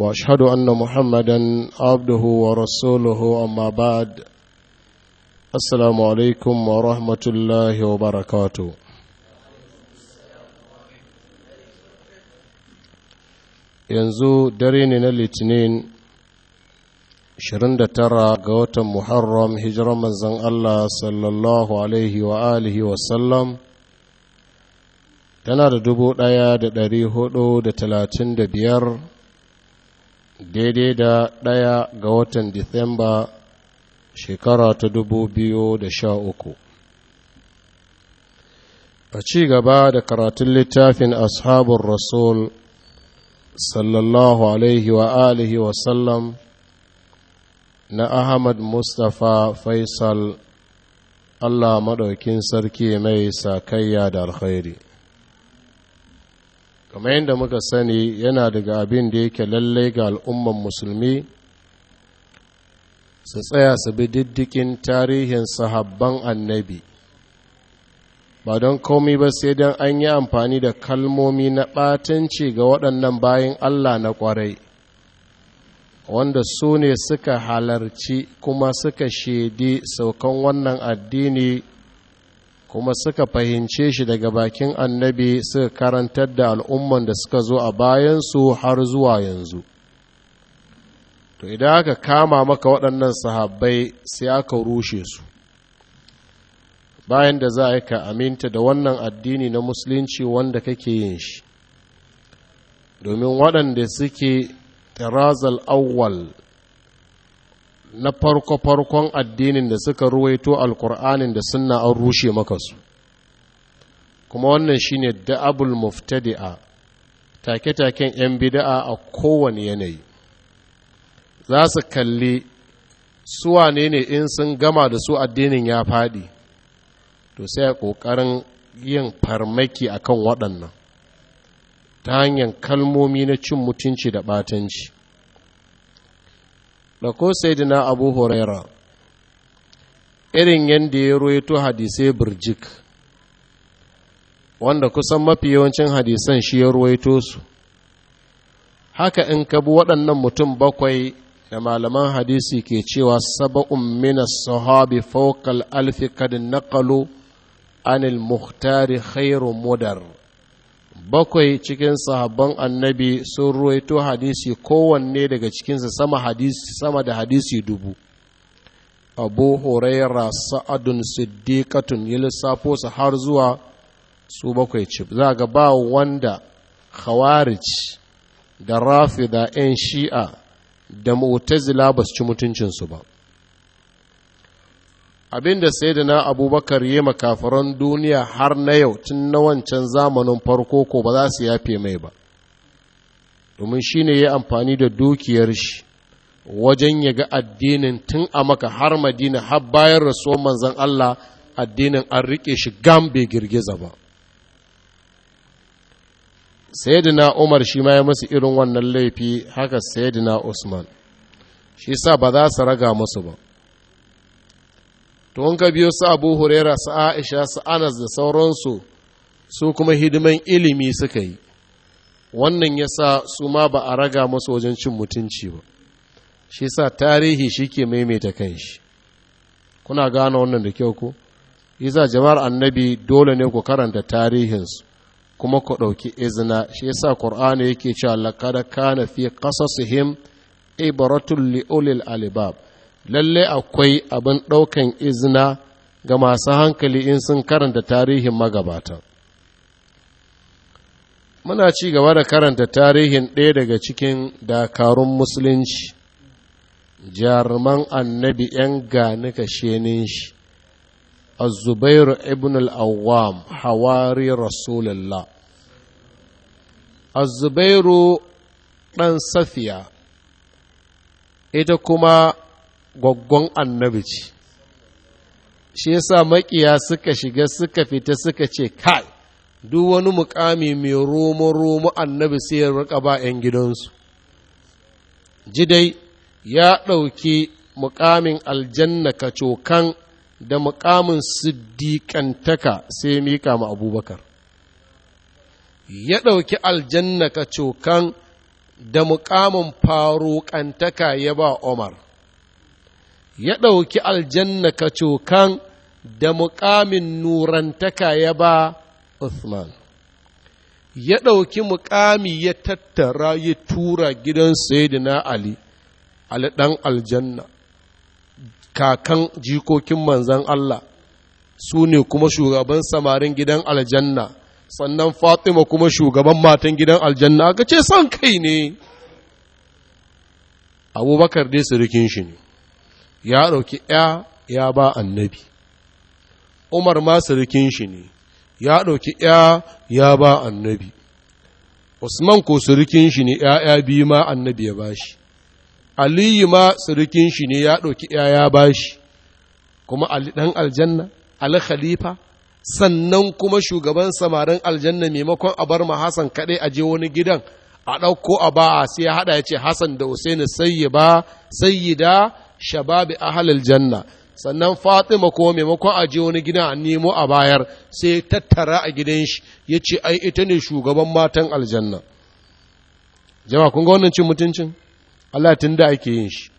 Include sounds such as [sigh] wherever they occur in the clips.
واشهد ان محمدا عبده ورسوله اما بعد السلام عليكم ورحمه الله وبركاته yanzu dare ne na litinin 29 ga watan muharram hijirar manzan allah sallallahu alaihi wa alihi wasallam tana da 1435 daidai da ɗaya ga watan disamba shekara ta dubu biyu da sha uku a ci gaba da karatun littafin ashabun rasul sallallahu alaihi wa alihi wasallam na ahmad mustapha faisal allah maɗaukin sarki mai sakayya da alkhairi kamar yadda muka sani yana daga abin da yake lallai ga al'umman musulmi su tsaya su bi diddikin tarihin sahabban annabi ba don komi ba sai don an yi amfani da kalmomi na ɓatanci ga waɗannan bayan Allah na ƙwarai wanda su ne suka halarci kuma suka shaidi saukan wannan addini kuma suka fahimce shi daga bakin annabi suka karantar da al'umman da suka zo a bayansu har zuwa yanzu to idan aka kama maka waɗannan sahabbai sai aka rushe su bayan da za a yi ka aminta da wannan addini na musulunci wanda kake yin shi domin waɗanda suke tirazal awwal na farko-farkon addinin da suka ruwaito alkur'anin da sunna an rushe maka su kuma wannan shine da'abul muftadi'a take-taken 'yan bida'a a kowane yanayi za su kalli suwa ne ne in sun gama da su addinin ya faɗi to sai a ƙoƙarin yin farmaki a kan waɗannan ta hanyar kalmomi na cin mutunci da batanci. da ko saidina abu huraira irin yadda ya ruwaito hadisai birjik wanda kusan mafi yawancin hadisan shi ya ruwaito su haka in ka bi waɗannan mutum bakwai da malaman hadisi ke cewa saba'un mina sahabi fawqal alfi kad naqalu anil muhtari khairu modar bakwai cikin sahabban annabi sun ruwaito hadisi kowanne daga cikinsa sama sama da hadisi dubu abu huraira sa'adun siddiqatun ya lissafo su har zuwa su bakwai ci za ga ba wanda khawarij da rafida 'yan shi'a da mu'tazila ba su ci mutuncinsu ba abinda na abubakar ya makafaran duniya har na yau tun na wancan zamanin farko ko ba za su yafe mai ba domin shi ne ya amfani da dukiyar shi wajen ya ga addinin tun a maka har madina har bayan rasuwar manzan Allah addinin an riƙe shi gam bai girgiza ba sayyidina umar shi ma ya masu irin wannan laifi haka sayyidina usman shi sa ba za su raga masu ba to wanka biyo su abu huraira su aisha su anas da sauransu su kuma hidiman ilimi suka yi wannan ya sa su ma ba a raga masu wajen cin mutunci ba shi sa tarihi shi ke maimaita kan shi kuna gane wannan da kyau ku isa jama'ar annabi dole ne ku karanta tarihinsu kuma ku ɗauki izina shi sa ƙur'ani yake cewa lakada kana fi qasasihim ibratun li ulil albab lalle akwai abin ɗaukan izina ga masu hankali in sun karanta tarihin magabata muna ci gaba da karanta tarihin ɗaya daga cikin dakarun musulunci jaruman annabi 'yan ganika shenin shi azubairu ibn الأوام Hawari rasulullah azubairu ɗan safiya ita kuma gwaggon annabi ce shi yasa makiya suka shiga suka fita suka ce kai duk wani mukami mai romo-romo annabi sai ya rika ba 'yan gidansu jidai ya ɗauki mukamin aljanna kacokan da mukamin siddiƙantaka sai mika ma abubakar ya ɗauki aljanna kacokan da mukamin faruƙantaka ya ba omar ya ɗauki aljanna kacokan da muƙamin nurantaka ya ba Uthman. Ya ɗauki muƙami ya tattara ya tura gidan Sayyidina Ali, Ali ɗan aljanna, kakan jikokin manzan Allah, su ne kuma shugaban samarin gidan aljanna, sannan Fatima kuma shugaban matan gidan aljanna, aka ce son kai ne, abubakar dai surukin shi ne. ya ɗauki ya ya ba annabi umar ma sirikin shi ne ya ɗauki ya ya ba annabi usman ko sirikin shi ne ya'ya biyu ma annabi ya bashi aliyu ma sirikin shi ne ya ɗauki ya ya bashi kuma ɗan aljanna ali khalifa sannan kuma shugaban samarin aljanna maimakon a bar ma Hassan kaɗai a je wani gidan a ɗauko a ba a sai ya haɗa ya ce Hassan da Hussein sayyida shababi ahalil janna sannan fatima ko maimakon aje wani gida a nemo a bayar sai tattara a gidan shi ya ce ai ita ne shugaban matan aljanna jama kun ga wannan cin mutuncin allah tun da ake yin shi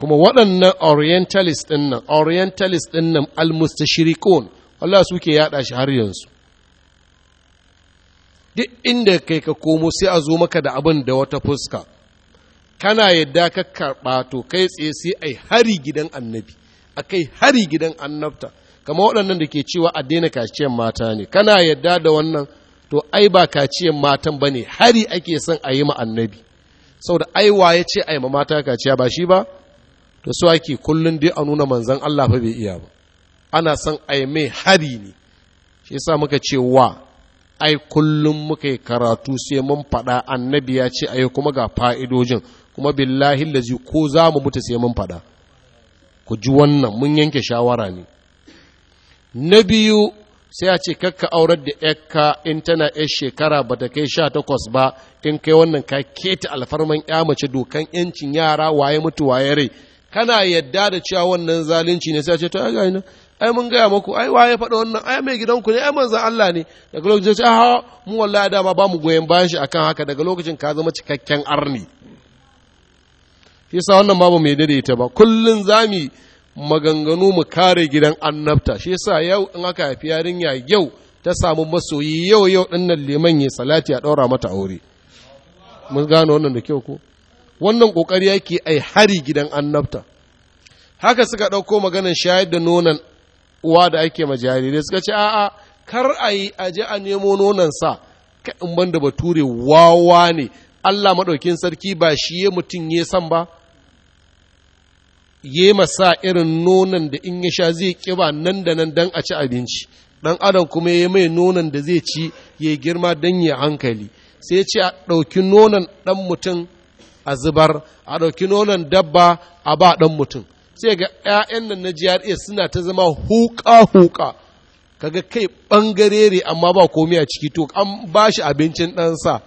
kuma waɗannan orientalist ɗin nan orientalist ɗin nan almustashirikun allah suke yaɗa shi har yanzu duk inda kai ka komo sai a zo maka da abin da wata fuska kana yadda ka karɓa to kai tsaye sai ai hari gidan annabi a kai hari gidan annabta kama waɗannan da ke cewa a daina kaciyan mata ne kana yadda da wannan to ai ba kaciyan matan ba ne hari ake son a yi ma annabi saboda ai wa ya ce a ma mata kaciya ba shi ba to su ake kullum dai a nuna manzan Allah fa bai iya ba ana son a yi mai hari ne shi yasa muka ce wa ai kullum muka yi karatu sai mun faɗa annabi ya ce a yi kuma ga fa'idojin kuma billahi lazi ko za mu mutu sai mun fada ku ji wannan mun yanke shawara ne na biyu sai a ce kakka aurar da yakka in tana yar shekara ba ta kai sha takwas ba in kai wannan ka keta alfarman ya mace dokan yancin yara waye mutu waye rai kana yadda da cewa wannan zalunci ne sai a ce to ai ga ina ai mun gaya muku ai waye faɗa wannan ai mai gidanku ne ai manzan Allah ne daga lokacin sai a mu wallahi dama ba mu goyon bayan shi akan haka daga lokacin ka zama cikakken arni shi yasa wannan babu mai daidaita ba kullun zami maganganu mu kare gidan annabta shi yasa yau in aka haifi yarinya yau ta samu masoyi yau yau din nan liman ya salati a ɗaura mata aure mun gano wannan da kyau ko wannan kokari yake ai hari gidan annabta haka suka ɗauko maganan shayar da nonon uwa da ake ma jarirai suka ce a'a kar a yi a je a nemo nonon sa in banda bature wawa ne Allah maɗaukin sarki ba shi ya mutum ya san ba ya masa irin nonon da in ya sha zai kiba nan da nan don a ci abinci ɗan adam kuma ya mai nonon da zai ci ya girma don ya hankali sai ce a ɗauki nonon ɗan mutum a zubar a ɗauki nonon dabba a ba ɗan mutum sai ga 'ya'yan nan na GRA suna ta zama huka-huka kaga kai ɓangarere amma ba komai a ciki to an ba shi abincin ɗansa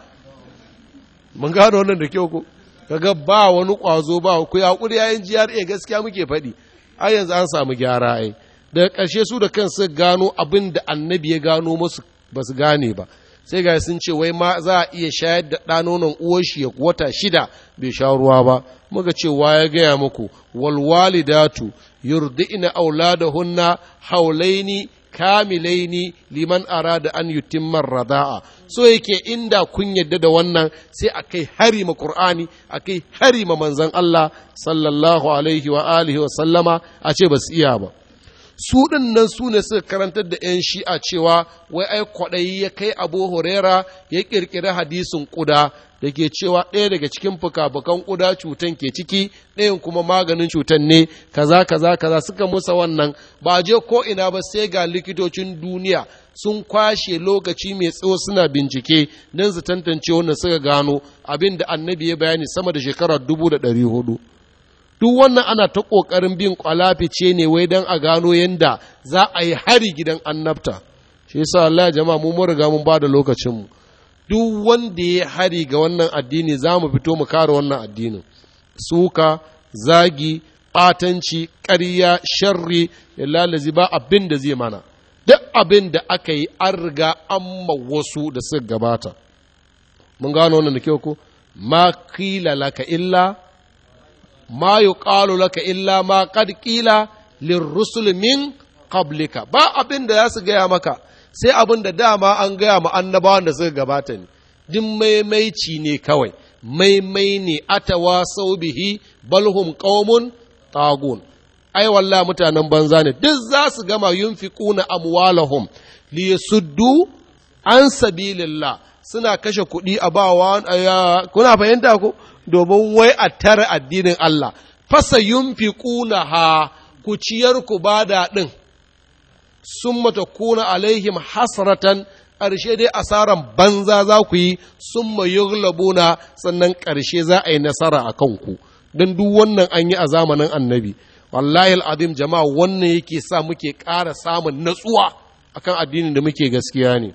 mun gano wannan da kyau ko kaga ba wani kwazo ba ku hakuri yayin GRA gaskiya muke faɗi a yanzu an samu gyara ai daga ƙarshe su da kansu gano abin da annabi ya gano musu ba su gane ba sai ga sun ce wai ma za a iya shayar da ɗanonon uwar shi ya wata shida bai sha ruwa ba muka ce wa ya gaya muku walwalidatu yurdi'na auladahunna haulaini kamilaini liman arada an yutimman rada'a so yake inda kun yadda da wannan sai a kai hari ma qur'ani a kai hari ma manzon Allah sallallahu alaihi wa alihi wa sallama a ce ba su iya ba su ɗin nan su ne suka karantar da 'yan shi'a cewa wai ai kwaɗayi ya kai abu horera ya ƙirƙiri hadisin ƙuda da ke cewa ɗaya daga cikin fuka-fukan ƙuda cutan ke ciki ɗayan kuma maganin cutan ne kaza kaza kaza suka musa wannan ba je ko ina ba sai ga likitocin duniya sun kwashe lokaci mai tsawo suna bincike don su tantance wannan suka gano abin da annabi ya bayani sama da shekarar dubu da ɗari hudu duk wannan ana ta ƙoƙarin bin kwalafice ne wai don a gano yadda za a yi hari gidan annabta shi yasa Allah jama'a mu mun riga mun ba da lokacinmu duk wanda ya hari ga wannan addini za mu fito mu kare wannan addinin suka zagi ɓatanci ƙarya sharri ya lalazi ba abin da zai mana duk abin da aka yi an riga an wasu da suka gabata mun gano wannan da kyau ko ma kila laka illa ma yuqalu laka illa ma qad qila lirrusul min qablika ba abin da za su gaya maka sai abin da dama an gaya ma annabawan da suka gabata ne din maimaici ne kawai maimai ne atawa sau bihi balhum qaumun tagun ai walla mutanen banza ne duk za su gama yunfiquna amwalahum li yasuddu an sabilillah suna kashe kuɗi a bawa kuna fahimta ku? domin wai a tara addinin Allah fasa yunfiquna ha ku ciyar ku bada din sun mata kuna alaihim hasratan ƙarshe dai asaran banza za ku yi sun labuna sannan ƙarshe za a yi nasara a kanku don duk wannan an yi a zamanin annabi wallahi al'adim jama'a wannan yake sa muke ƙara samun natsuwa akan addinin da muke gaskiya ne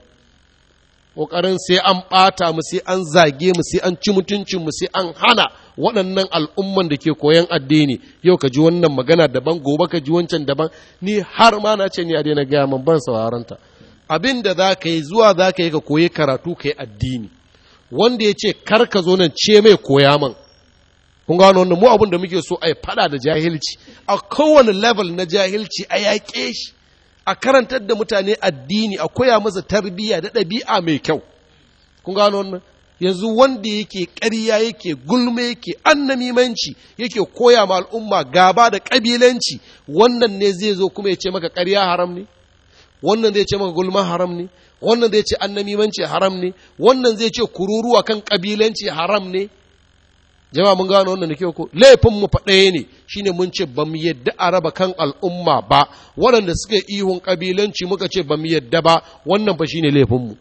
ƙoƙarin sai an ɓata mu sai an zage mu sai an ci mutuncin mu sai an hana waɗannan al'umman da ke koyan addini yau ka ji wannan magana daban gobe ka ji wancan daban ni har ma na ce ni a daina gaya man ban sauraronta abin da za ka yi zuwa za ka yi ka koyi karatu ka yi addini wanda ya ce kar ka zo nan ce mai koya man kun gano wannan mu abin muke so a yi fada da jahilci a kowane level na jahilci a yaƙe shi a karantar da mutane addini a koya masa tarbiyya da ɗabi'a mai kyau kun gano wannan yanzu wanda yake ƙarya yake gulma yake annamimanci yake koya ma al'umma gaba da ƙabilanci wannan ne zai zo kuma ya ce maka ƙarya haram ne wannan zai ce maka gulma haram ne wannan zai ce annamimanci haram ne wannan zai ce kururuwa kan ƙabilanci haram ne jama'a mun gano wannan da kyau ko laifin mu fa ɗaya ne shine mun ce ba mu yadda a raba kan al'umma ba waɗanda suka ihun kabilanci muka ce ba mu yadda ba wannan ba shine laifin mu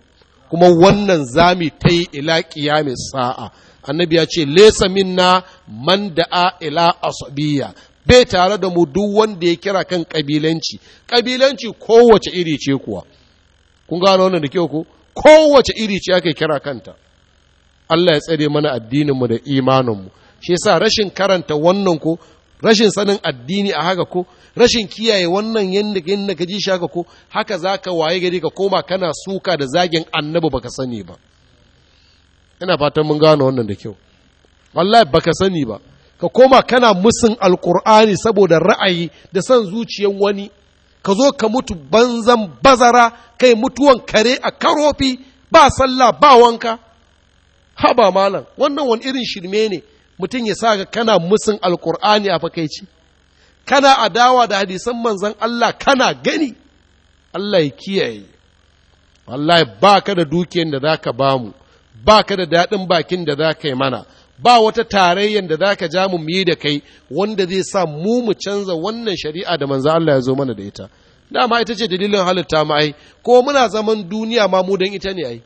kuma wannan zami ta yi ila qiyamis sa'a annabi ya ce laysa minna man da'a ila asabiya bai tare da mu duk wanda ya kira kan kabilanci kabilanci kowace iri ce kuwa kun gano wannan da kyau ko kowace iri ce ake kira kanta Allah ya tsare mana addininmu da imaninmu shi yasa rashin karanta wannan ko rashin sanin addini a haka ko rashin kiyaye wannan yadda yadda ka ji shi haka ko haka za ka waye gari ka koma kana suka da zagin annabi baka sani ba ina fatan mun gano wannan da kyau wallahi baka sani ba ka koma kana musun alkur'ani saboda ra'ayi da san zuciyar wani ka zo ka mutu banzan bazara kai mutuwan kare a karofi ba sallah ba wanka haba malam wannan wani irin shirme ne mutum ya sa kana musun alkur'ani a fakaici kana adawa da hadisan manzan Allah kana gani Allah ya kiyaye wallahi ba ka da dukiyar da zaka bamu ba ka da daɗin bakin da zaka yi mana ba wata tarayyar da zaka ja mu yi da kai wanda zai sa mu mu canza wannan shari'a da manzan Allah ya zo mana da ita dama ita ce dalilin halitta ma ai ko muna zaman duniya ma mu dan ita ne ai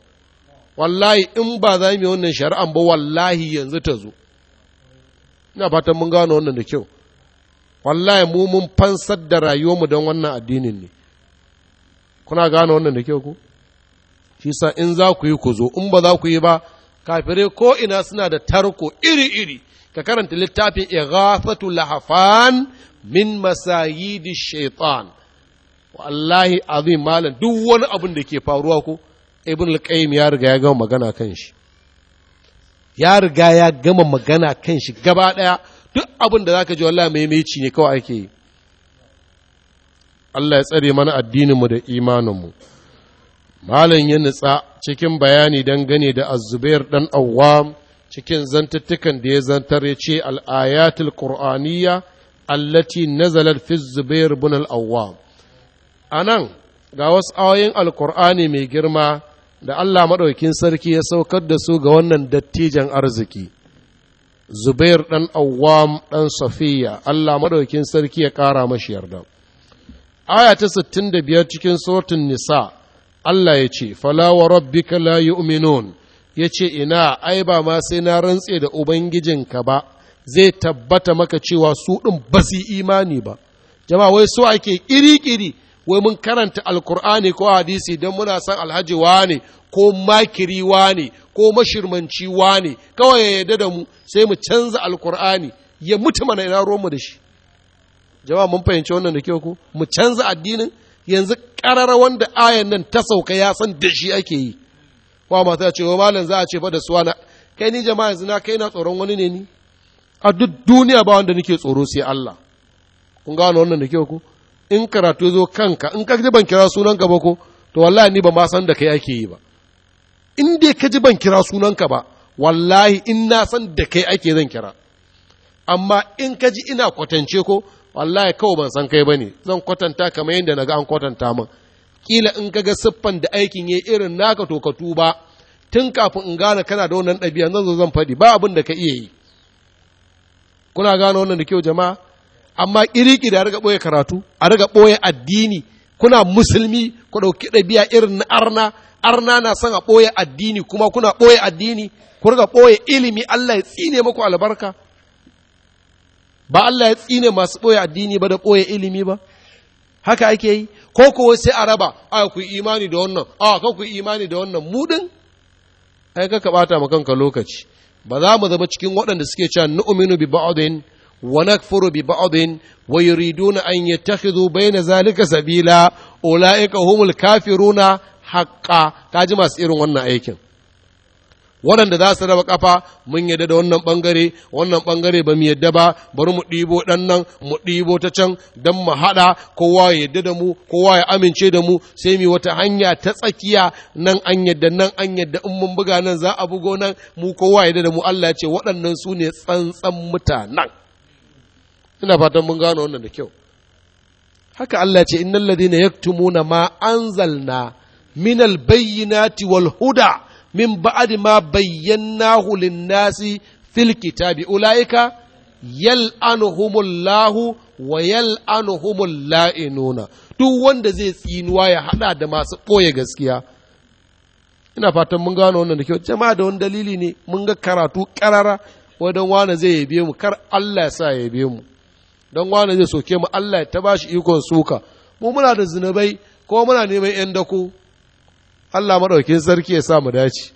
wallahi in ba za mu yi wannan shari'an ba wallahi yanzu ta zo ina fatan mun gano wannan da kyau wallahi mu mun fansar da rayuwarmu don wannan addinin ne kuna gano wannan da kyau ku shi sa in za ku yi ku zo in ba za ku yi ba kafirai ko ina suna da tarko iri-iri ka karanta littafin ighathatu lahafan min masayidi shaitan wallahi azim malam duk wani abin da ke faruwa ko ibn al-qayyim ya riga ya gama magana kan shi ya riga ya gama magana kan shi gaba daya duk abin da zaka ji wallahi meci ne kawai ake yi Allah ya tsare mana addinin mu da imanin mu malam ya nutsa cikin bayani gane da Al-Zubair dan awwam cikin zantattukan da ya zantar ya ce al'ayatul qur'aniyya allati nazalat fi zubair ibn al a nan ga wasu ayoyin alkur'ani mai girma da Allah maɗaukin sarki ya saukar da su ga wannan dattijan arziki zubair ɗan awwam ɗan safiya Allah maɗaukin sarki ya ƙara mashi yarda aya ta sittin da biyar cikin sortin nisa Allah ya ce Falawa, wa rabbika la yu'minun ya ce ina ai ba ma sai na rantse da ubangijinka ba zai tabbata maka cewa su ɗin ba su imani ba jama'a wai so ake ƙiri-ƙiri wai mun karanta alkur'ani ko hadisi don muna san alhaji wane ko makiri wane ko mashirmanci wane kawai ya yarda da mu sai mu canza alkur'ani ya mutu mana ina mu da shi jama'a mun fahimci wannan da kyau ku mu canza addinin yanzu karara wanda ayan nan ta sauka ya san da shi ake yi wa mata ce wa malam za a ce fa da su na kai ni jama'a yanzu na kai na tsoron wani ne ni a duk duniya ba wanda nake tsoro sai Allah kun gano wannan da kyau ku in karatu zo kanka in ka ji ban kira sunanka ba ko to wallahi ni ba ma san da kai ake yi ba in dai ka ji ban kira sunanka ba wallahi in na san da kai ake zan kira amma in ka ji ina kwatance ko wallahi kawai ban san kai bane zan kwatanta kamar yadda naga an kwatanta min kila in ka ga siffan da aikin yayi irin naka to ka tuba tun kafin in gane kana da wannan ɗabi'a zan zo zan faɗi ba abin da ka iya yi kuna gane wannan da kyau jama'a amma kiriki da riga ɓoye karatu a riga ɓoye addini kuna musulmi ku ɗauki ɗabi'a irin na arna arna na son a ɓoye addini kuma kuna ɓoye addini ku riga ɓoye ilimi Allah ya tsine muku albarka ba Allah ya tsine masu ɓoye addini ba da ɓoye ilimi ba haka ake yi ko ko sai a raba a ku imani da wannan a ka ku imani da wannan mudin ai ka bata ma kanka lokaci ba za mu zama cikin waɗanda suke cewa nu'minu bi ba'dain ونكفر ببعض ويريدون أن يتخذوا بين ذلك سبيلا أولئك zalika sabila حقا humul kafiruna وانا ji masu irin wannan aikin waɗanda za su raba kafa mun yadda da wannan ɓangare wannan ɓangare ba mu yadda ba bari mu ɗibo ɗan nan mu ɗibo ta can don mu haɗa kowa ya yadda da mu kowa ya amince da mu sai mu wata hanya ta tsakiya nan an yadda nan an yadda in mun buga nan za a bugo nan mu kowa ya yadda da mu Allah ya ce waɗannan su ne tsantsan mutanen ina fatan mun gano wannan da kyau haka Allah ce innal ladina yaktumuna ma anzalna minal bayyinati wal huda min ba'di ma bayyanahu lin-nasi fil kitabi ulaika yal'anuhumullahu wa yal'anuhumul la'inuna duk wanda zai tsinuwa ya hada da masu ɓoye gaskiya ina fatan mun gano wannan da kyau jama'a da wani dalili ne mun ga karatu karara wadan wani zai yabe mu kar Allah ya sa ya yabe mu don wane zai soke mu Allah ya taba shi ikon suka mu muna da zinabai ko muna neman yan dako Allah madaukin sarki ya sa mu dace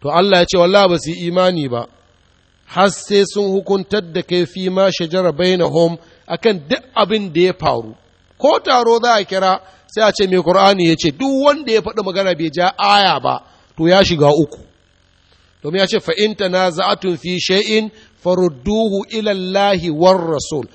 to Allah ya ce wallahi ba su yi imani ba har sai sun hukuntar da kai fi ma shajara hom akan duk abin da ya faru ko taro za a kira sai a ce mai Qur'ani ya ce duk wanda ya faɗi magana bai ja aya ba to ya shiga uku domin ya ce fa in za'atun fi shay'in farudduhu ila warrasul.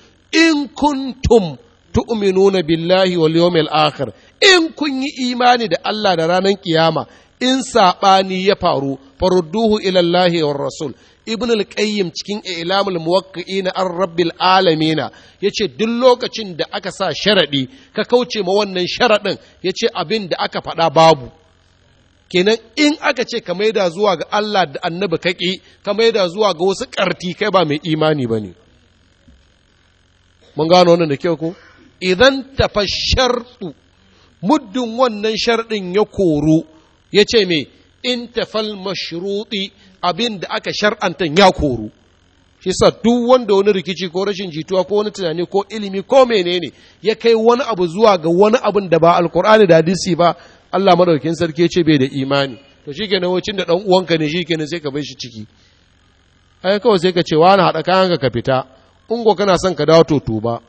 in kuntum tu'minuna billahi wal yawmil akhir in kun yi imani da Allah da ranar kiyama in saɓani ya faru farudduhu ila Allahi war rasul ibn al-qayyim cikin ilamul muwaqqi'in an rabbil alamin yace duk lokacin da aka sa sharaɗi ka kauce ma wannan sharadin yace abin da aka faɗa babu kenan in aka ce ka maida zuwa ga Allah da annabi kaki ka maida zuwa ga wasu ƙarti kai ba mai imani ba ne mun gano wannan da kyau ko idan tafa sharɗu muddin wannan sharɗin ya koru ya ce me in tafal mashruɗi abin da aka shar'anta ya koru shi sa duk wanda wani rikici ko rashin jituwa ko wani tunani ko ilimi ko menene ya kai wani abu zuwa ga wani abin da ba alkur'ani da hadisi ba Allah maɗaukin sarki ce bai da imani to shikenan wacin da dan uwanka ne ne sai ka bar shi ciki ai kawai sai ka ce wani hada kayan ka fita Unguwa kana son ka dawo to ba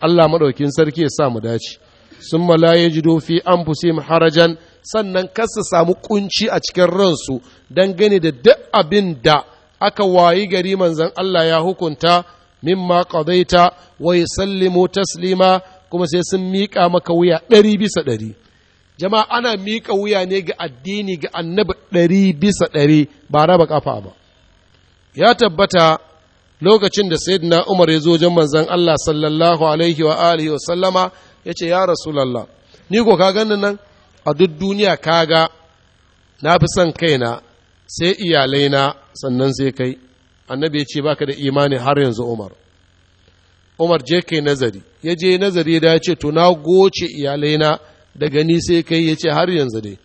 Allah maɗaukin sarki ya sa mu dace sun la dofi fi anfusihim harajan sannan kar su samu kunci a cikin ransu gani da duk abin da aka wayi gari manzan Allah ya hukunta mimma qadaita wa yusallimu taslima kuma sai sun miƙa maka wuya ɗari bisa ɗari jama'a ana miƙa wuya ne ga addini ga annabi ɗari bisa ɗari ba raba ƙafa ba ya tabbata lokacin da sayyidina umar ya zo wajen manzon Allah sallallahu alaihi wa alihi wa sallama ya ce ya lalla. ni ko ka ganin nan a duk duniya kaga na fi son kaina sai iyalaina sannan sai kai annabi ya ce baka da imani har yanzu umar umar je kai nazari ya je nazari da ya ce to na goce iyalaina da gani sai kai ya ce har yanzu dai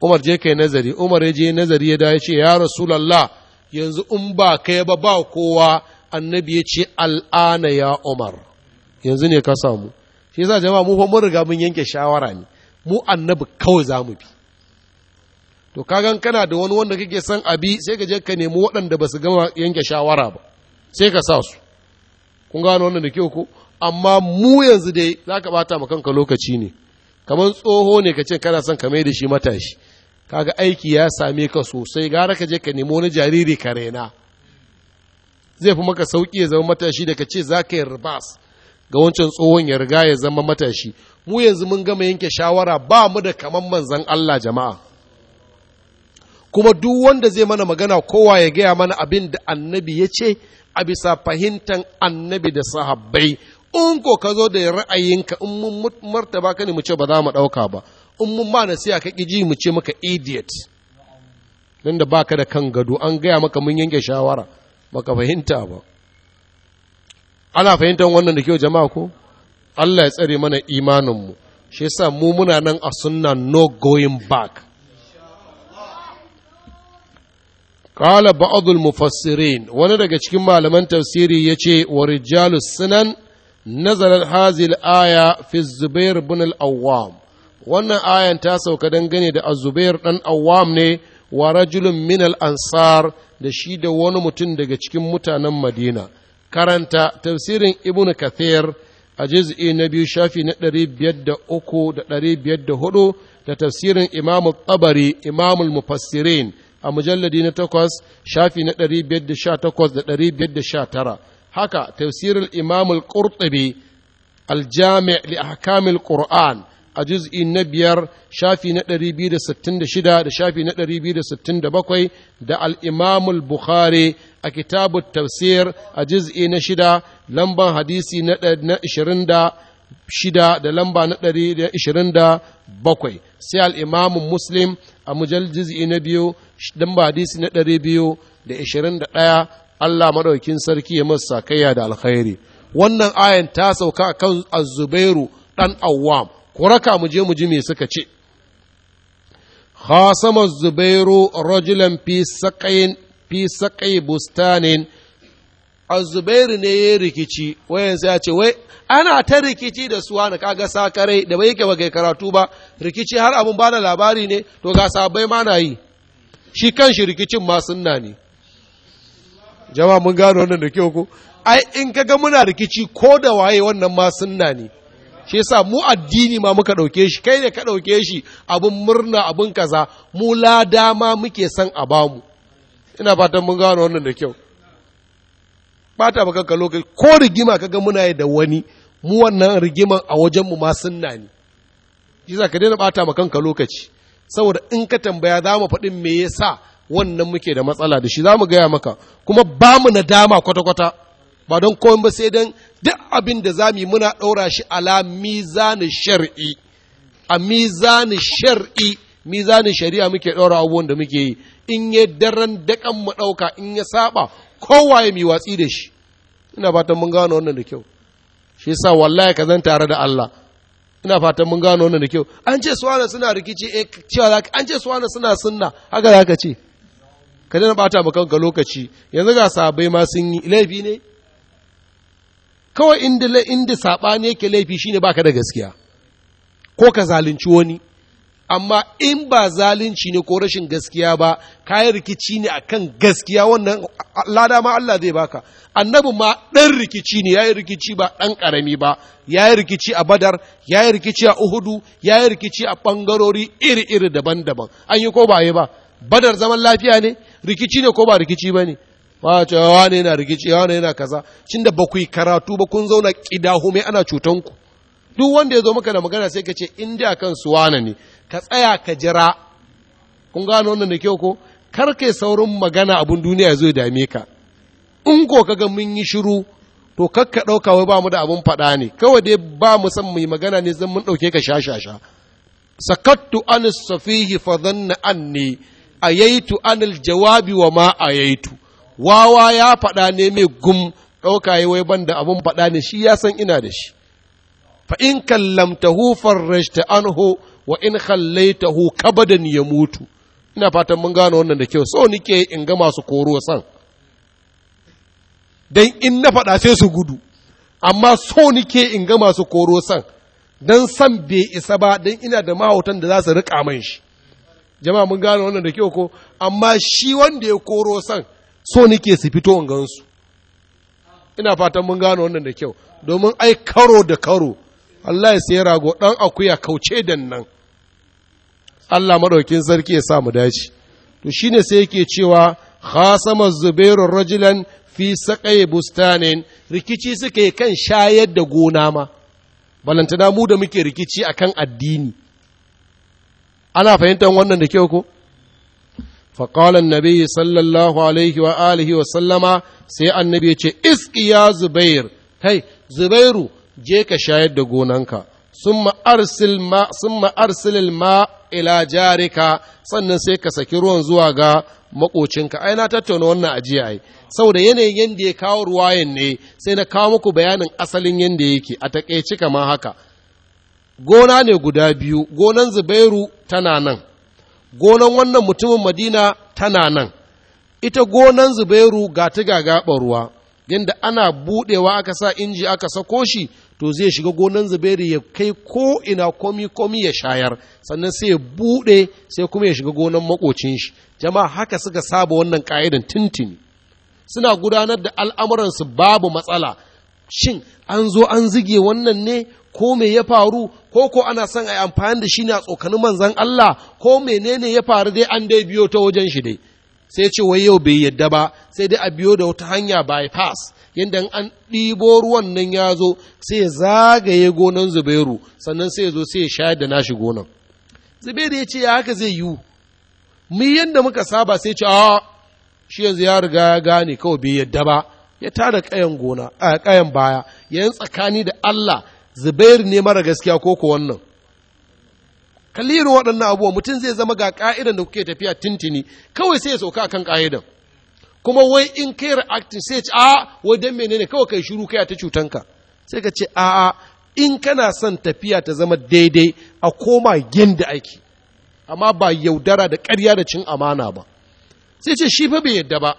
umar je kai nazari umar ya je nazari ya da ya ce ya rasulallah yanzu in ba kai ba ba kowa annabi ya ce al'ana ya umar yanzu ne ka samu shi yasa jama'a mu fa mun riga mun yanke shawara ne mu annabi kawai za mu bi to kagan kana da wani wanda kake son abi sai ka je ka nemi waɗanda ba su gama yanke shawara ba sai ka sa su kun gano wannan da kyau ko amma mu yanzu dai za ka bata ma kanka lokaci ne kamar tsoho ne ka ce kana son ka mai da shi matashi kaga aiki ya same ka sosai gara ka je ka nemo na jariri ka rena zai fi maka sauki ya zama matashi da ka ce za ka yi ribas ga wancan tsohon ya riga ya zama matashi mu yanzu mun gama yanke shawara ba mu da kaman manzan Allah jama'a kuma duk wanda zai mana magana kowa ya gaya mana abin da annabi ya ce a bisa fahimtar annabi da sahabbai in ko ka zo da ra'ayinka in mun martaba ka ne mu ce ba za mu ɗauka ba in mun ba nasiya ka ƙi ji mu ce maka idiot nan da baka da kan gado an gaya maka mun yanke shawara baka fahimta ba ana fahimtar wannan da kyau jama'a ko Allah ya tsare mana imaninmu shi yasa mu muna nan a sunna no going back qala ba'dul mufassirin wani daga cikin malaman tafsiri yace wa rijalus sunan nazarar hazil aya fi zubair bin al wannan ayan ta sauka dangane da azubair dan Awam ne wa rajulun min al-ansar da shi da wani mutum daga cikin mutanen madina karanta tafsirin ibn kathir a juz'i na biyu shafi na ɗari biyar da uku da ɗari biyar da hudu da tafsirin imamul tabari imamul mufassirin a mujalladi na takwas shafi na ɗari biyar da sha takwas da ɗari biyar da sha tara haka tafsirin imamul qurtubi aljami li ahkamil qur'an a juz'i na biyar shafi na 266 da shafi na 267 da al'imamul bukhari a kitabu tafsir a juz'i na shida lamban hadisi na 26 da lamba na 127 sai al'imamun muslim a mujal juz'i na biyu lamba hadisi na 221 Allah maɗaukin sarki ya masa kaiya da alkhairi wannan ayan ta sauka kan az-zubairu dan awwam ku raka mu je mu ji me suka ce khasama az-zubairu rajulan fi saqayn fi saqay bustanin az-zubairu ne ya rikici wayan sai ya ce wai ana ta rikici da suwa na kaga sakarai da bai yake karatu ba rikici har abun bada labari ne to ga sabai ma na yi shi kan shi rikicin ma sunna ne jama'a mun gano wannan da kyau ko ai in kaga muna rikici ko da waye wannan ma sunna ne shi yasa mu addini ma muka ɗauke shi kai ne ka ɗauke shi abin murna abin kaza mu lada ma muke son a bamu ina fatan mun gano wannan da kyau bata baka ka lokaci ko rigima kaga muna yi da wani mu wannan rigiman a wajen mu ma sunna ne shi yasa ka daina bata maka kanka lokaci saboda in ka tambaya za mu faɗin me yasa wannan muke da matsala da shi za mu gaya maka kuma ba mu na dama kwata-kwata ba don komai ba sai don duk abin da za mu muna ɗaura shi ala mizanin shari'i a mizanin shari'i mizanin shari'a muke ɗaura abubuwan da muke yi in ya daren dakan mu ɗauka in ya saba kowa ya mi watsi da shi ina fatan mun gano wannan da kyau shi yasa wallahi ka zan tare da Allah ina fatan mun gano wannan da kyau an ce suwana suna rikici eh cewa an ce suwana suna sunna haka zaka ce ka daina bata ma kanka lokaci yanzu ga sabai ma sun yi laifi ne kawai inda inda sabani yake laifi shi ne baka da gaskiya ko ka zalunci wani amma in ba zalunci ne ko rashin gaskiya ba kayan rikici ne akan gaskiya wannan lada ma Allah zai baka annabi ma ɗan rikici ne yayi rikici ba ɗan ƙarami ba yayi rikici a badar yayi rikici a uhudu yayi rikici a bangarori iri-iri daban-daban an yi ko ba yi ba badar zaman lafiya ne rikici ne ko ba rikici ba ne ba ce ah, ne yana rikici ne yana kaza cin da ba karatu ba kun zauna kidahume ana cutanku duk wanda ya zo maka da magana sai ka ce inda da kan suwana ne ka tsaya ka jira kun gano wannan da kyau ko kar kai saurin magana abin duniya ya zo dame ka in ko ga mun yi shiru to kakka ɗauka wai ba mu da abin faɗa ne kawai dai ba mu san mai magana ne zan mun ɗauke ka sha sha sha sakattu an safihi fa anni ayaitu anil jawabi wa ma ayaitu wawa ya faɗa ne mai gum ɗauka yi wai banda abin faɗa ne shi ya san ina da shi fa in kallamtahu farrajta anhu wa in khallaitahu kabadan ya mutu ina fatan mun gano wannan da kyau so nike in ga masu koro san dan in na faɗa sai su gudu amma so nike in ga masu koro san dan san bai isa ba dan ina da mahautan da za su riƙa man shi jama'a mun gane wannan da kyau ko amma shi wanda ya koro san so nake su fito in gansu ina fatan mun gane wannan da kyau domin ai karo da karo Allah ya sayi rago dan akuya kauce da nan Allah madaukin sarki ya sa mu dace to shine sai yake cewa khasama zubairu rajulan fi saqai bustanin rikici suka yi kan shayar da gona ma balantana mu da muke rikici akan addini ana fahimtar wannan da kyau ko فقال النبي صلى الله عليه wa sallama sai النبي يقول اسقي Zubairu. زبير هاي زبير جيك شاهد دقونانك ثم أرسل ما ثم أرسل ma ila jarika sannan sai ka saki ruwan zuwa ga makocinka ai na tattauna wannan ajiya ai saboda yanayin yanda ya kawo ruwayan ne sai na kawo muku bayanin asalin yanda yake a takaici kamar haka gona ne guda biyu gonan zubairu tana nan gonan wannan mutumin madina tana nan ita gonan zubairu ga ta gagaɓa ruwa yadda ana buɗewa aka sa inji aka sako shi to zai shiga gonan zubairu ya kai ko ina komi komi ya shayar sannan sai ya buɗe sai kuma ya shiga gonan makocin shi jama'a haka suka saba wannan ka'idan tintini suna gudanar da al'amuransu babu matsala shin an zo an zige wannan ne ko me ya faru ko ko ana son a yi amfani da shi ne a tsokanin manzan Allah ko menene ya faru dai an dai biyo ta wajen shi dai sai ce wai yau bai yadda ba sai dai a biyo da wata hanya bypass yadda an ɗibo ruwan nan ya zo sai ya zagaye gonan zubairu sannan sai ya zo sai ya shayar da nashi gonan zubairu ya ce ya haka zai yiwu mu yadda muka saba sai ce a shi yanzu ya riga ya gane kawai bai yadda ba ya tada kayan gona a kayan baya yayin tsakani da Allah Zubairu ne mara gaskiya ko ko wannan Kalirin waɗannan abubuwa mutum zai zama ga ƙa'idan da kuke tafiya tintini kawai sai ya sauka kan ƙa'idan kuma wai in kai reacting sai ce a wai dan menene kawai kai shiru kai ta cutanka sai ka ce a a in kana son tafiya ta zama daidai a koma da aiki amma ba yaudara da ƙarya da cin amana ba sai ce shi fa bai yadda ba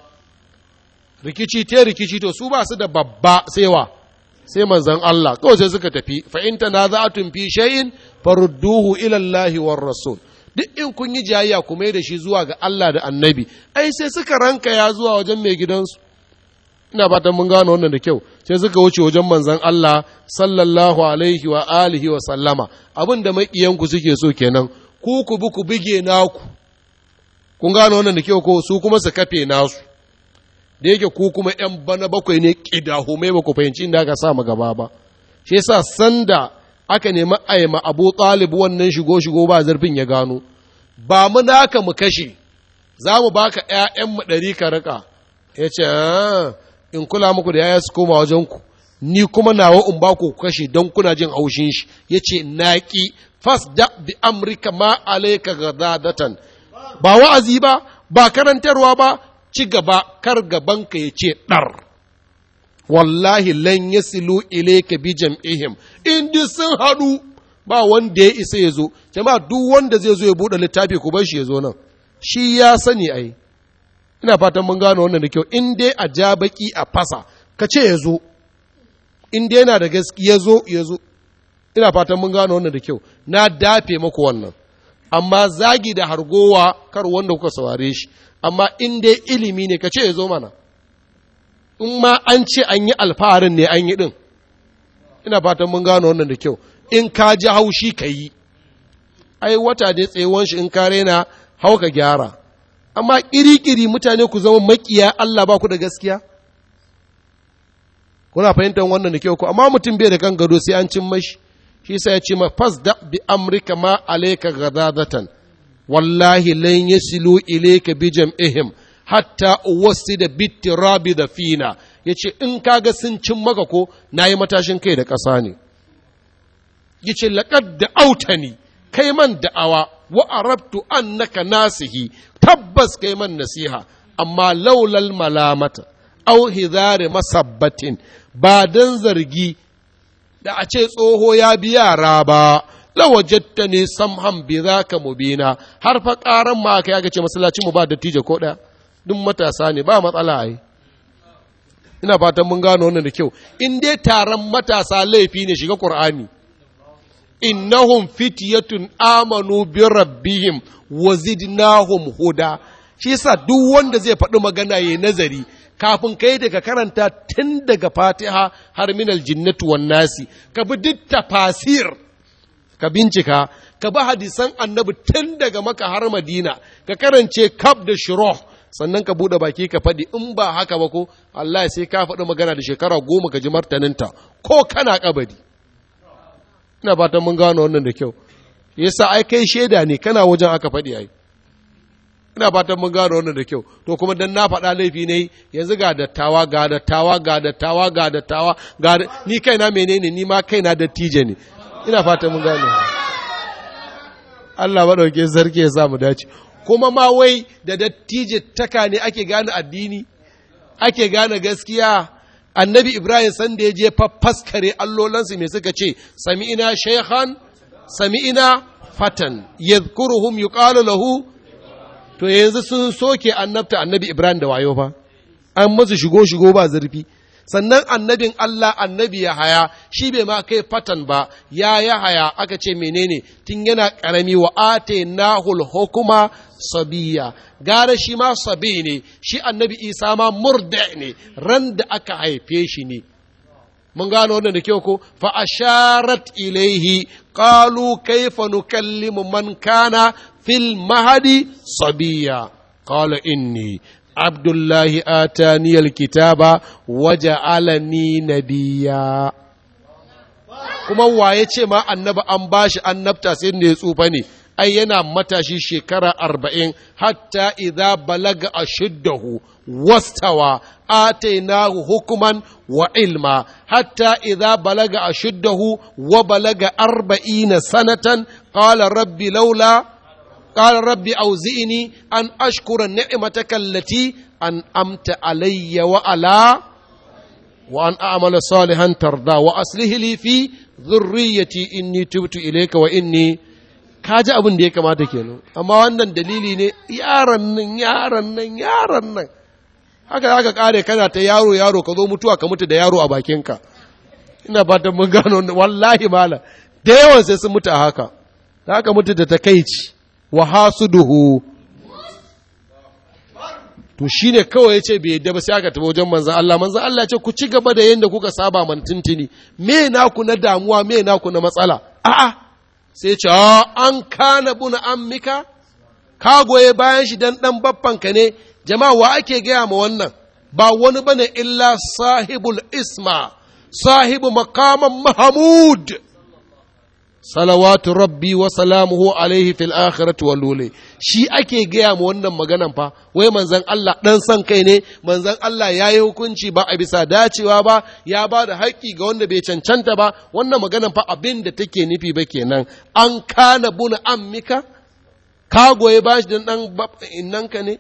rikici te rikici to su ba su da babba sai wa sai manzan Allah kawai sai suka tafi fa in za fi shay'in farudduhu ila Allah war rasul duk in kun yi jayayya ku mai da shi zuwa ga Allah da annabi ai sai suka ranka ya zuwa wajen mai gidansu ina fatan mun gano wannan da kyau sai suka wuce wajen manzan Allah sallallahu alaihi wa alihi wa sallama abin da makiyan ku suke so kenan ku ku bi ku bige naku kun gano wannan da kyau ko su kuma su kafe nasu da yake ku kuma ‘yan bana bakwai ne ƙidahumai ba ku fahimci inda aka sa mu gaba ba shi yasa sanda aka nemi aima abu ɗalibu wannan shigo shigo ba zarfin ya gano ba mu naka mu kashe za mu baka ‘ya'yan mu ɗari ka rika ya ce ah, in kula muku da yaya su koma wajen ku ni kuma nawa in ba ku kashe don kuna jin haushin shi ya ce naƙi da bi amrika ma alaika gadadatan ba wa'azi ba ba karantarwa ba ci gaba kar gabanka ya ce ɗar wallahi lan yasilu ilayka bi jam'ihim in duk sun haɗu ba wanda ya isa ya zo jama'a duk wanda zai zo ya buɗe littafi ku bar shi ya zo nan shi ya sani ai ina fatan mun gano wannan da kyau in dai a ja baki a fasa ka ce ya zo in dai yana da gaskiya ya zo ya zo ina fatan mun gano wannan da kyau na dafe maku wannan amma zagi da hargowa kar wanda kuka saurare shi amma in dai ilimi ne ka ce ya zo mana in ma an ce an yi alfaharin ne an yi din ina fatan mun gano wannan da kyau in ka ji haushi ka yi ai wata ne tsayuwan shi in ka raina hau ka gyara amma kiri-kiri mutane ku zama makiya Allah ba ku da gaskiya kuna fahimtar wannan da kyau ku amma mutum bai da kan gado sai an cin mashi shi sai ya ce ma fas bi amrika ma alaika gadadatan wallahi lan yasilu ilayka bi jam'ihim hatta uwassida bitirabi da fina yace in kaga sun cin maka ko nayi matashin kai da ƙasa ne yace laqad da autani kai man da'awa wa arabtu annaka nasihi tabbas kai man nasiha amma laulal malamata au hizari masabbatin ba dan zargi da a ce tsoho ya bi yara ba lawajatta ne samhan bi za ka mubina har fa ƙaran ma aka yaga ce masallacin mu ba tije ko ɗaya duk matasa ne ba matsala ai ina fatan mun gano wannan da kyau in dai taron matasa laifi ne shiga qur'ani innahum fityatun amanu bi rabbihim wa huda shi yasa duk wanda zai faɗi magana yayi nazari kafin kai daga karanta tun daga fatiha har minal jinnatu wan nasi ka bi duk tafasir ka bincika ka bi hadisan annabi tun daga maka har madina ka karance kaf da shiroh sannan ka buɗe baki ka faɗi in ba haka ba ko Allah sai ka faɗi magana da shekara goma ka ji martaninta ko kana kabari ina fatan mun gano wannan da kyau yasa ai kai shaida ne kana wajen aka faɗi ai ina fatan mun gano wannan da kyau to kuma dan na faɗa laifi ne yanzu ga dattawa ga dattawa ga dattawa ga dattawa ga ni kaina menene ni ma kaina dattije ne ina fatan mun gano Allah dauke sarki ya sa mu dace kuma ma wai da dattije taka ne ake gane addini ake gane gaskiya annabi ibrahim san da ya je faffaskare allolansu me suka ce sami'ina shaykhan sami'ina fatan yadhkuruhum yuqalu lahu to yanzu sun soke annabta annabi Ibrahim da wayo ba an masu shigo shigo ba zurfi sannan annabin Allah annabi ya haya shi bai ma kai fatan ba ya ya haya aka ce menene tun yana karami wa ate nahul hukuma sabiya gara shi ma sabi ne shi annabi isa ma murda ne ran da aka haife shi ne mun gano wannan da kyau ko fa asharat ilaihi qalu kaifa nukallimu man kana fil mahadi صبيا قال إني عبد الله آتاني الكتاب وجعلني نبيا kuma waye ce ma annaba an bashi annabta sai da tsufa ne ai yana matashi shekara arba'in hatta idza balaga ashiddahu wastawa atainahu hukuman wa ilma hatta idza balaga ashiddahu wa balaga arba'ina sanatan qala rabbi laula قال ربي أوزئني أن أشكر نعمتك التي أنعمت علي وعلى وأن أعمل صالحا ترضى وأصله لي في ذريتي إني تبت إليك وإني kaji abin da ya kamata kenan amma wannan dalili ne yaran nan yaran nan yaran nan haka za ka kare kana ta yaro yaro ka zo mutuwa ka mutu da yaro a bakinka ina ba fatan mun gano wallahi mala da yawan sai sun mutu a haka za ka mutu da takaici wa hasuduhu to shi kawai yace bai yadda ba sai aka taɓa wajen manzon Allah manzon Allah ce ku ci gaba da yanda kuka saba man tuntuni me na ku na damuwa me na ku na matsala a'a sai yace an kana buna an ka goye bayan shi dan dan baffanka ne jama'a wa ake gaya ma wannan ba wani bane illa sahibul isma sahibu makaman Mahmud. salawatu rabbi wa salamuhu alaihi fil akhirati wal lule shi ake gaya mu wannan maganan fa wai manzon Allah dan san kai ne manzon Allah ya yi hukunci ba a bisa dacewa ba ya ba da haƙƙi ga wanda bai cancanta ba wannan maganan fa abin da take nufi ba kenan an kana buna ammika ka goye ba shi dan innan ka ne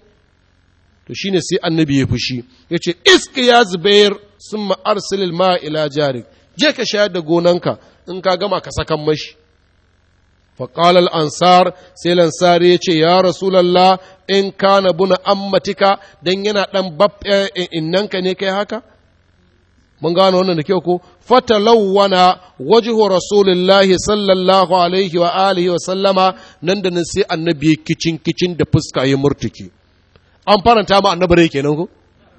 to shine sai annabi ya fushi yace iska ya zubair summa arsil ma ila jarik je ka shayar da gonanka in ka gama ka sakan mashi faƙalar ansar sai lansari ya ce ya rasulallah in kana buna ammatika don yana ɗan eh, innanka ne kai haka mun gano wannan da kyau ko fatalawwana wajhu rasulillahi sallallahu alaihi wa alihi wa sallama nan da nan sai annabi kicin kicin da fuska ya murtuki an faranta ma annabi rai kenan ko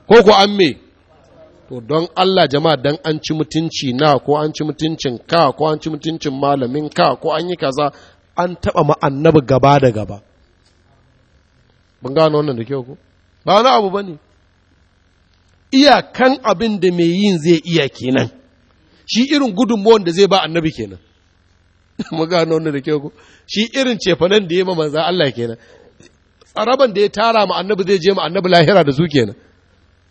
ko ko an me to don Allah jama'a dan an ci mutunci na ko an ci mutuncin ka ko an ci mutuncin malamin ka ko an yi kaza an taba ma annabi gaba da gaba ban gano wannan da kyau ko ba wani abu bane iyakan abin da mai yin zai iya kenan shi irin gudunmuwan da zai ba annabi kenan [laughs] mu gano wannan da kyau ko shi irin cefanen da ya ma manzo Allah kenan tsaraban da ya tara ma annabi zai je ma annabi lahira da su kenan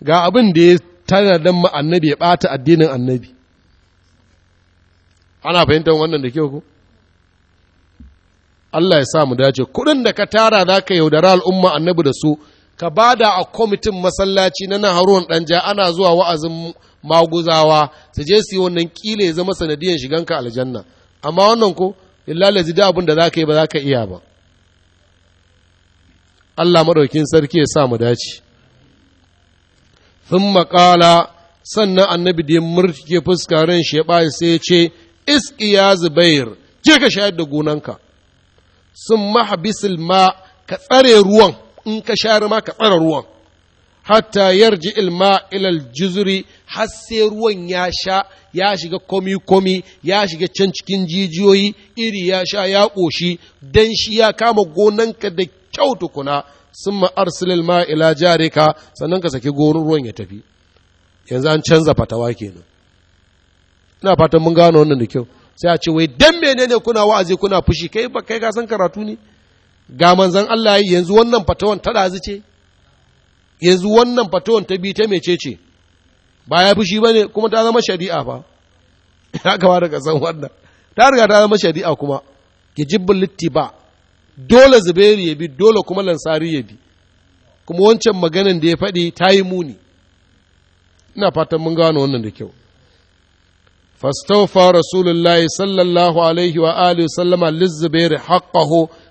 ga abin da ya tana don ma'annabi ya ɓata addinin annabi ana fahimtar wannan da kyau ku Allah ya sa mu dace kuɗin da ka tara za ka yaudara al'umma annabi da su ka bada a kwamitin masallaci na nan haruwan ɗanja ana zuwa wa'azin maguzawa su je su yi wannan kila ya zama sanadiyan ka aljanna amma wannan ko illa da abin da za ka yi ba za ka iya ba Allah maɗaukin sarki ya sa mu dace sun maƙala sannan annabi da ya murtike fuska shi ya ɓaye sai ya ce iski ya zubair je ka shayar da gonanka sun mahabisil ma ka tsare ruwan in ka shayar ma ka tsare ruwan hatta yarji ilma ilal juzuri har sai ruwan ya sha ya shiga komi komi ya shiga can cikin jijiyoyi iri ya sha ya ƙoshi dan shi ya kama gonanka da kyau tukuna sun ma'arsilil ma'ila ila jarika sannan ka saki gonin ruwan ya tafi yanzu an canza fatawa kenan ina fatan mun gano wannan da kyau sai a ce wai dan ne kuna wa'azi kuna fushi kai ba kai ka san karatu ne ga manzon Allah yi yanzu wannan fatawan ta dazu ce yanzu wannan fatawan ta bi ta mece ce ba ya fushi bane kuma ta zama shari'a fa [laughs] ya kamata daga san wannan ta riga ta zama shari'a kuma ke jibbin litti dole zubairu ya bi dole kuma lansari ya bi kuma wancan maganan da ya faɗi ta yi muni ina fatan mun gano wannan da kyau fastofa rasulullahi sallallahu alaihi wa alihi sallama lizzubairu ka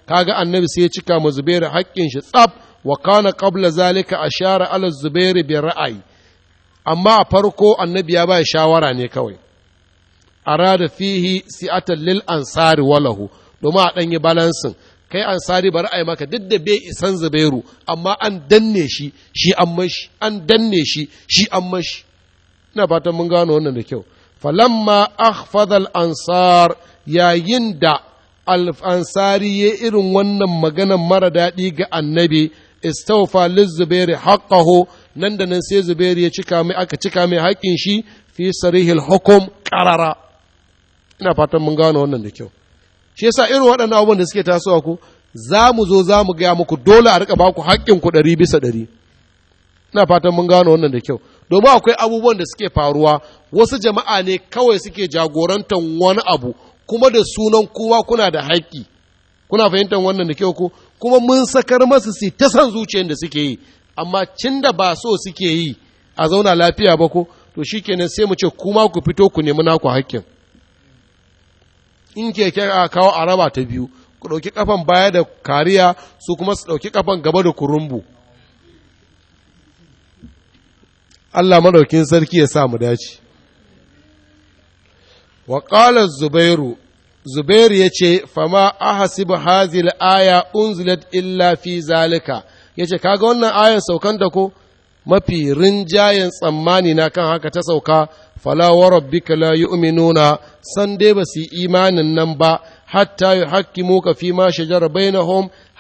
kaga annabi sai ya cika ma zubairu haƙƙin shi tsaf wa kana qabla zalika ashara ala zubairu bi ra'ayi amma a farko annabi ya ba shawara ne kawai arada fihi si'atan lil ansari walahu domin a ɗanyi balansin kai ansari bari a yi maka duk da bai isan zubairu amma an danne shi shi an mashi an danne shi shi an mashi ina fatan mun gano wannan da kyau falamma al ansar yayin da al-ansari ya irin wannan maganar mara daɗi ga annabi istawfa liz-zubairi haqqahu nan da nan sai zubairu ya cika mai aka cika mai haƙin shi fi sarihil hukum qarara ina fatan mun gano wannan da kyau shi yasa irin waɗannan abubuwan da suke tasowa ko za mu zo za mu gaya muku dole a rika ba ku haƙƙin ku ɗari bisa ɗari ina fatan mun gano wannan da kyau domin akwai abubuwan da suke faruwa wasu jama'a ne kawai suke jagorantar wani abu kuma da sunan kowa kuna da haƙƙi kuna fahimtar wannan da kyau ko kuma mun sakar masu su ta san zuciyar da suke yi amma cin da ba so suke yi a zauna lafiya ba ko to shikenan sai mu ce kuma ku fito ku nemi naku haƙƙin in keke a kawo a raba ta biyu ku ɗauki kafan baya da kariya su kuma su ɗauki kafan gaba da kurumbu Allah madaukin sarki ya sa mu dace wa qala zubairu zubairu yace fama ahasibu hazil aya unzilat illa fi zalika yace kaga wannan ayan saukan da ko mafi rinjayen tsammani na kan haka ta sauka fala wa rabbika la yu'minuna san dai ba su imanin nan ba hatta yuhaqqimu ka fi ma shajara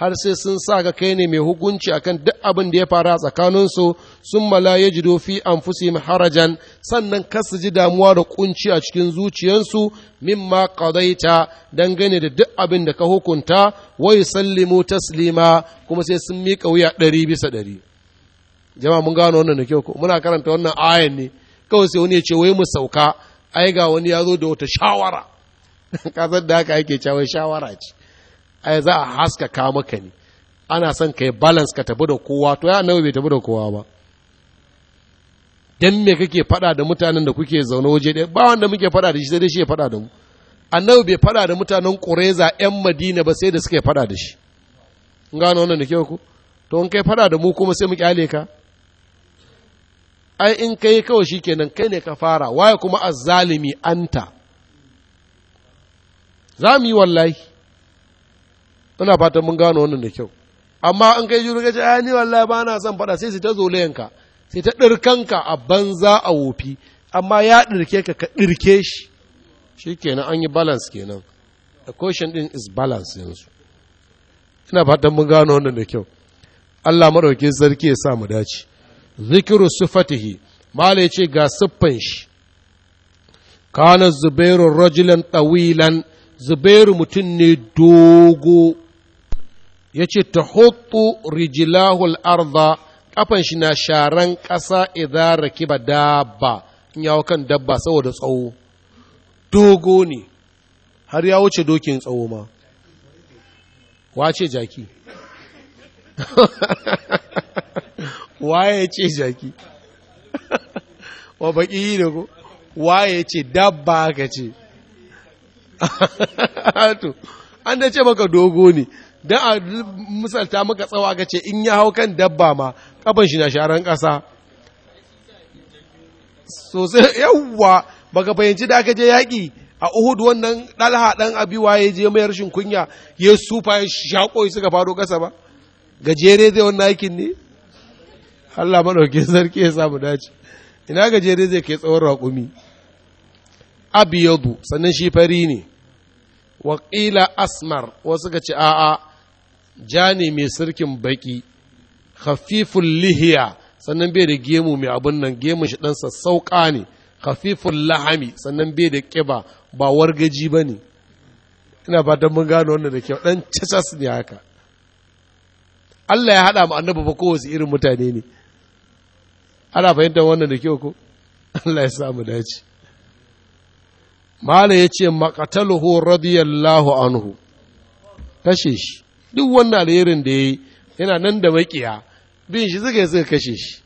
har sai sun sa ka kai ne mai hukunci akan duk abin da ya faru a tsakanin su sun mala yajidu fi anfusihim harajan sannan kar su ji damuwa da kunci a cikin zuciyansu mimma qadaita dangane da duk abin da ka hukunta wa yusallimu taslima kuma sai sun miƙa wuya ɗari bisa ɗari jama'a mun gano wannan da kyau muna karanta wannan ayan ne kawai sai wani ya ce wai mu sauka ai ga wani ya zo da wata shawara [laughs] kasar da haka ake cewa shawara ce ai za a haska kama maka ne ana son ka yi balance ka tabi da kowa to ya annabi bai tabi da kowa ba dan me kake fada da mutanen da kuke zaune waje ɗaya ba wanda muke fada da shi sai dai shi ya fada da mu annabi bai fada da mutanen ƙureza 'yan madina ba sai da suka fada da shi gano wannan da kyau ku to in kai fada da mu kuma sai mu kyale ka ai in kai kawai shikenan kai ne ka fara waye kuma azzalimi anta za mu yi wallahi ina fatan mun gano wannan da kyau amma in kai juru kace ai ni wallahi ba na son fada sai su ta zolayenka sai ta dirkanka a banza a wofi amma ya dirke ka ka dirke shi shikenan an yi balance kenan the question din is balance yanzu ina fatan mun gano wannan da kyau Allah madauki sarki ya sa mu dace zikiru sifatihi mala ce ga siffan shi kana zubairu rajulan ɗawilan zubairu mutum ne dogo ya ce ta hutu rijilahul arza kafan shi na sharan ƙasa idan rakiba dabba in yawo kan dabba saboda tsawo dogo ne har ya wuce dokin tsawo ma wace jaki [laughs] waye ya ce jaki wa baki yi da ku waye ce dabba ka ce [laughs] an da ce maka dogo ne don a misalta maka tsawa ka ce in ya hau kan dabba ma kaban shi na sharan ƙasa sosai yawwa baka fahimci da aka je yaƙi a uhud wannan ɗalha ɗan abiwa ya je mai rashin kunya ya sufa ya shaƙo suka faro ƙasa ba gajere zai wannan aikin ne Allah maɗauki sarki ya samu dace ina gajere zai kai tsawon raƙumi abiyadu sannan shi fari ne waƙila asmar wasu ka ce a'a ja ne mai sirkin baƙi hafifun lihiya sannan bai da gemu mai abun nan gemun shi ɗansa sauƙa ne hafifun lahami sannan bai da ƙiba ba wargaji ba ne ina fatan mun gano wannan da kyau ɗan casas ne haka Allah ya haɗa mu annabi ba kowace irin mutane ne ana fahimtar wannan da kyau ko Allah ya samu dace mala ya ce maqataluhu radiyallahu anhu kashe shi duk wannan alherin da yayi yana nan da makiya bin shi suka suka kashe shi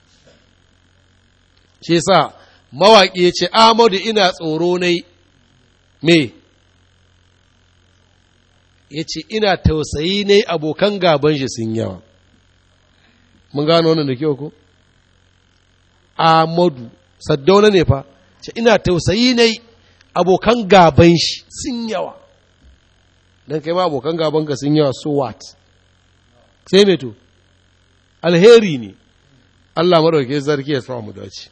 shi sa mawaƙi ya ce amadu ina tsoro nai me ya ce ina tausayi ne abokan gaban shi sun yawa mun gano wannan da kyau ko amadu saddauna ne fa ce ina tausayi ne abokan gaban shi sun yawa don kai ma abokan gaban ka sun yawa so what sai mai to alheri ne Allah maɗauke zarki ya samu dace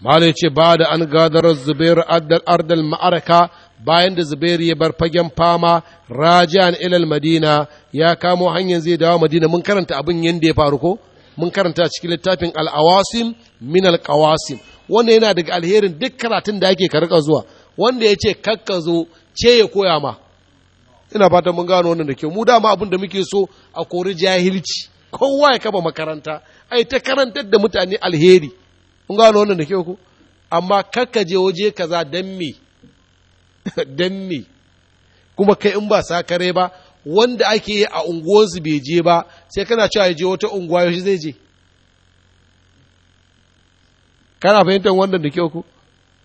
malai ce ba da an gadar zubairu ardal ma'araka bayan da zubairu ya bar fagen fama raji'an ilal madina ya kamo hanyar zai dawo madina mun karanta abin yadda ya faru ko mun karanta cikin littafin al'awasim min alƙawasim wanda yana daga alherin duk karatun da ake karka zuwa wanda ya ce kakka zo ce ya koya ma ina fata mun gano wannan da kyau mu dama abin da muke so a kori jahilci kowa ya kaba makaranta ai ta karantar da mutane alheri mun gano wannan da kyau ko amma kakka je waje kaza dan me [laughs] me kuma kai in ba sa sakare ba wanda ake yi a unguwarsu bai je ba sai kana cewa ya je wata unguwa yaushe zai je kana fahimtar wannan da kyau ko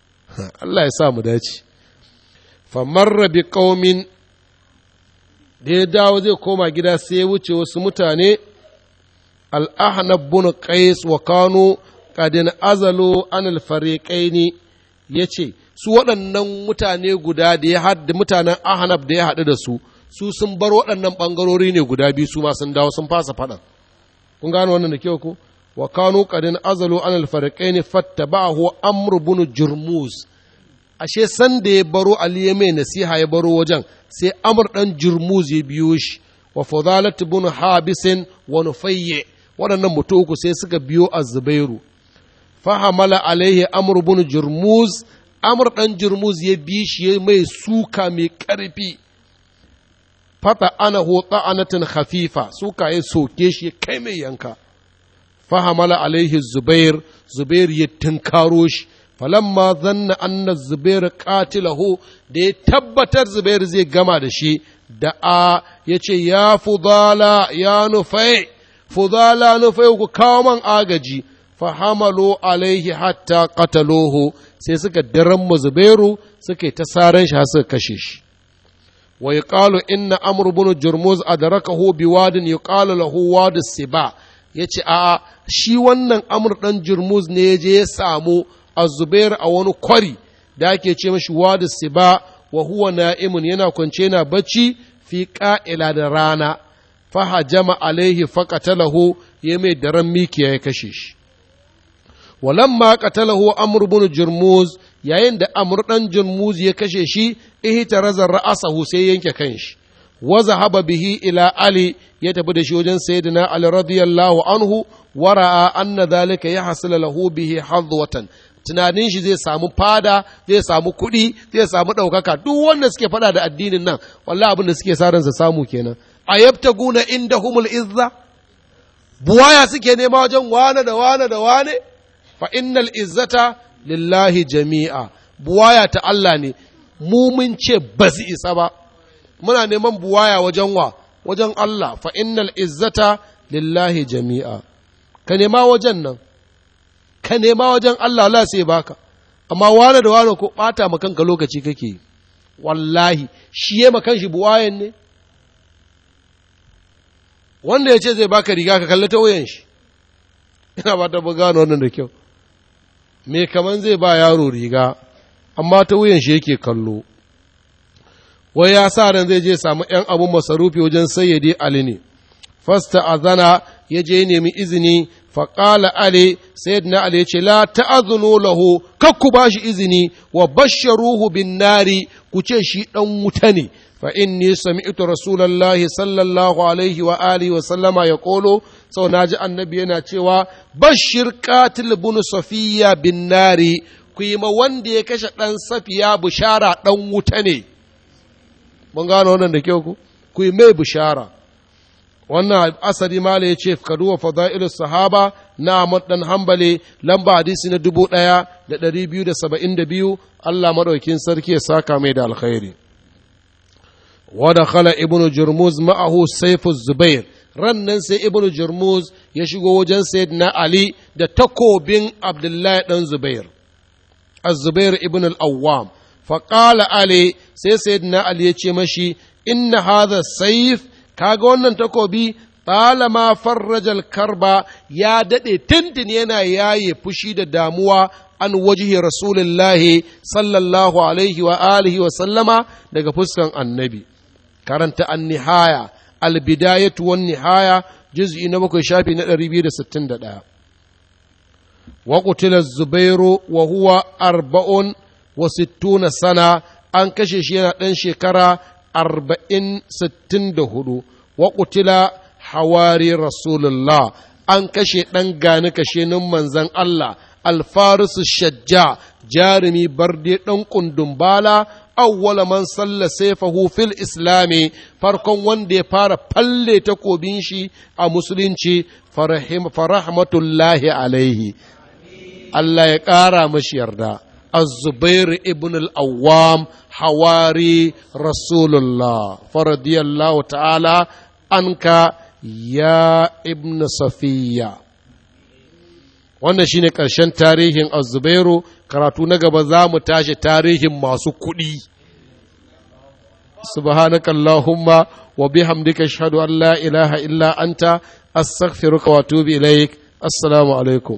[laughs] Allah ya sa mu dace Famar bi qaumin da ya dawo zai koma gida sai wuce wasu mutane al-ahnab bin qais wa kanu qadin azalu an al-fariqaini yace su waɗannan mutane guda da ya mutanen ahnab da ya haɗu da su su sun bar waɗannan ɓangarori ne guda biyu su ma sun dawo sun fasa faɗan kun gano wannan da kyau ko wa kanu ƙarin azalu an fatta farqain fattaba'ahu amr bunu Jirmuz. ashe sanda ya baro ali ya mai nasiha ya baro wajen sai Amur ɗan jurmuz ya biyo shi wa fadalat bunu habisin wa nufayy waɗannan mutu uku sai suka biyo a zubairu fahamala hamala alaihi amr ibn Amur ɗan dan ya bi shi ya mai suka mai ƙarfi. fata ana hota anatin hafifa suka yi soke shi kai mai yanka fahamala alaihi zubair zubair ya tunkaro shi falamma zanna anna zubair qatilahu da ya tabbatar zubair zai gama da shi da a ya ce ya fudala ya nufai fudala nufai ku kawo man agaji fahamalo alaihi hatta qataluhu sai suka daren zubairu suka yi ta saran shi har suka kashe shi wa yuqalu inna amr ibn jurmuz adrakahu biwadin yuqalu lahu wadu siba yace a'a shi wannan amr dan jurmuz ne je ya samu azubair a wani kwari da ake ce mashi wadu siba wa huwa yana kwance yana barci fi ƙa'ila da rana faha jama alaihi faƙatalahu ya mai daren mikiya ya kashe shi walamma qatalahu amr ibn jurmuz yayin da amur dan junmuz ya kashe shi razar ra'asa sai yanke kan shi. wa zahaba bihi ila ali ya tafi da shi wajen sayyidina ali radiyallahu anhu wa ra'a anna dhalika yahsul lahu bihi hadwatan tunanin shi zai samu fada zai samu kuɗi zai samu ɗaukaka duk wanda suke faɗa da addinin nan wallahi abin da suke sa samu kenan a yabta guna inda humul izza buwaya suke nema wajen wane da wane da wane fa innal izzata lillahi jami'a buwaya ta Allah ne mu mun ce ba su isa ba muna neman buwaya wajen wa wajen Allah fa innal izzata lillahi jami'a ka nema wajen nan ka nema wajen Allah Allah sai baka amma wane da wane ko bata ma kanka lokaci kake wallahi shi ya makan shi buwayen ne wanda ya ce zai baka riga ka kalli ta wuyan shi [laughs] ina ba ta gano wannan da kyau Mai kaman zai ba yaro riga amma ta wuyan shi yake kallo wai ya sa ran zai je samu ‘yan abun masarufi wajen sayyade Ali ne, fasta azana ya je nemi izini, faƙala Ali, sayyidina Ali ya ce, La ta'azunu lahu, kakku ba shi izini, wa basharuhu bin nari, ku ce shi ɗan wuta ne, fa inni sami'tu Rasulallah sallallahu alaihi wa alihi wa sallama ya ƙolo, sau na ji annabi yana cewa bashir katil bin safiya bin nari ku yi ma wanda ya kashe ɗan safiya bushara ɗan wuta ne mun gano wannan da kyau ku ku yi mai bushara wannan asali mala ya ce ka duba fada'ilu sahaba na Ahmad Hambale lamba hadisi na dubu ɗaya da ɗari biyu da saba'in da biyu Allah maɗaukin sarki ya saka mai da alkhairi ودخل ابن جرموز معه سيف الزبير ran nan sai ibn Jarmus ya shigo wajen sayyidina ali da takobin abdullahi dan zubair az-zubair ibn al-awwam fa qala ali sai sayyidina ali ya ce mashi inna hadha sayf kaga wannan takobi talama farrajal karba ya dade tindin yana yaye fushi da damuwa an wajihi rasulullahi sallallahu alaihi wa alihi wa sallama daga fuskan annabi karanta an nihaya albidayatu wan nihaya juz'i na bakwai shafi na 261 wa qutila zubairu wa huwa arba'un wa sittuna sana an kashe shi yana ɗan shekara arba'in sittin da hudu wa qutila hawari rasulullah an kashe ɗan gani kashe nan manzan Allah alfarisu shajja jarumi barde ɗan kundumbala awwala man salla sayfahu fil islami farkon wanda ya fara falle takobin shi a musulunci farahmatullahi alaihi Allah ya ƙara mashi yarda الزبير ابن الأوام حواري رسول الله فرضي الله تعالى عنك يا ابن صفية wannan shine ƙarshen tarihin azubairu karatu na gaba za mu tashi tarihin masu kuɗi subhanakallahumma wa bihamdika ashhadu an la ilaha illa anta astaghfiruka wa atubu ilaik assalamu alaikum